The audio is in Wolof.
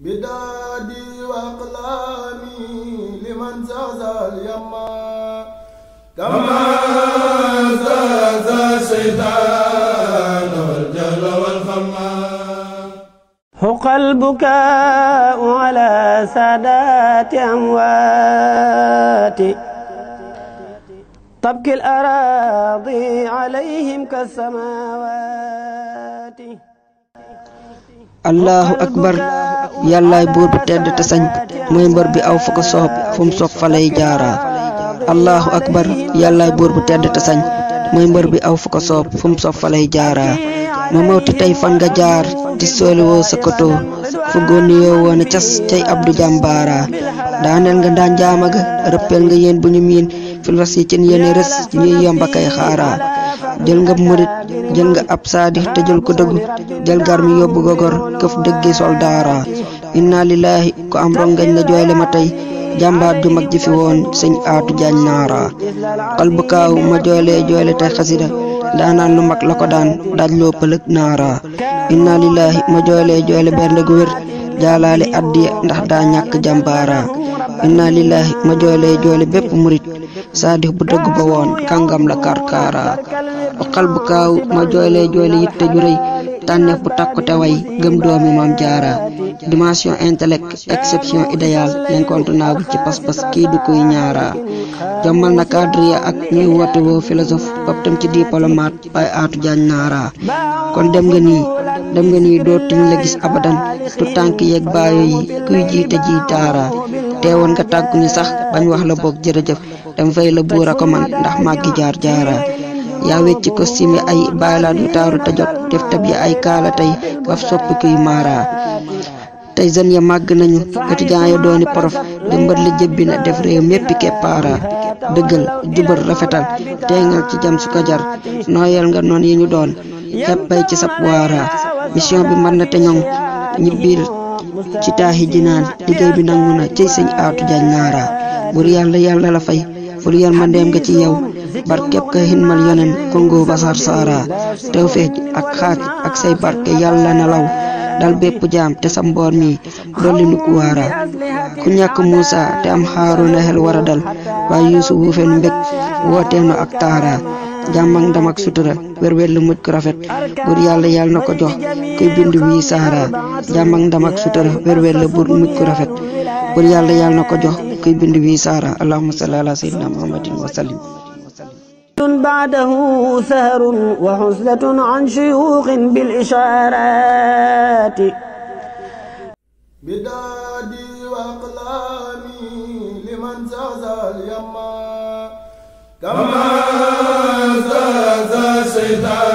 بدادي وأقلامي لمن زاز اليما كما زاز الشيطان والجهل والخما حق البكاء على سادات أمواتي تبكي الأراضي عليهم كالسماوات allahu akbar yàllaay buur bi tedd te sañ mooy mbër bi aw fa soob fu mu soob fa lay jaaraa allahu akbar yàllaay buur bu tedd te mooy mbër bi aw fa fu mu soob fa lay jaaraa ma tey fan nga jaar di sooliwoo sa koto fu góon yoo woon a cas cay abdu jàmbaara daaneel nga daan jaama ga rëppeel nga yéen bu ñu miin filwas yi cin yéene rës ñuy yomba kay xaaraa jël nga murit jël nga ab saadix te jël ko dëggu jël gar mi yóbbu gogor këf dëggi soldaara inna lillahi ko am rongañ na jooyle ma tey jàmbaar ju mag ji fi woon sëñ aatu jaañ naara xalbu kaaw ma joolee jooyle tey xasida daanaan lu mag la ko daan daaj loo pëlëg naara inna lillahi ma joolee jooyle bernde gu wér jaalaale addiya ndax daa ñàkk jàmbaara inna lillahi ma jole jole bepp murid saadix bu dëgg ba won kangam la karkaara ba xal bu ma jole jole yitte ju reey tànneef bu takku te way gëm doomi mam jaara dimension intellect exception idéal l'incontournable ci pas pass ki du koy ñaara jamal na cadre ya ak ñuy wote wo philosophe bop tam ci diplomate bay atu jagn nara kon dem nga ni dem nga dootuñ la gis abadan tu tank yek baayo yi kuy ji Dewan nga tàgguñu sax bañ wax la boog jërëjëf dem fay la bu ko man ndax maggi jaar jaara ya wecci ko simi ay baylaan yu taaru ta jot def tab ya ay kaala tey baf sopp kuy maara tey zen ya màgg nañu étudiant ya dooni prof di mbër la jëbbi na def réew méppi keppaara dëggal jubal rafetal teyngal ci jam su ko jar noyal nga noon yi ñu doon yabbay ci sab waara mission bi man na te ci taaxi jinaan liggéey bi nangu na cëy si aatu jaañ naara bur yàlla yàlla la fay fur yar ma ndeem nga ci yow barkeb ka xinmal yonen kongo basar saara tew feej ak xaaj ak say barke yàlla na law dal bépp jaam te sa mboor mi dolli nu ku waara ku ñàkk Muusa te am xaaru na xel wara dal waaye yuusufu fenu mbég wooteenu ak taara jàmm ak ak sutura wér-wér rafet buur yàlla yàlla na ko jox kuy bind wii saara jàmm ak ak sutura wér-wér rafet buur yàlla yàlla na ko jox kuy bind wii saara allahumma salli ala sayyidina muhammadin wa say that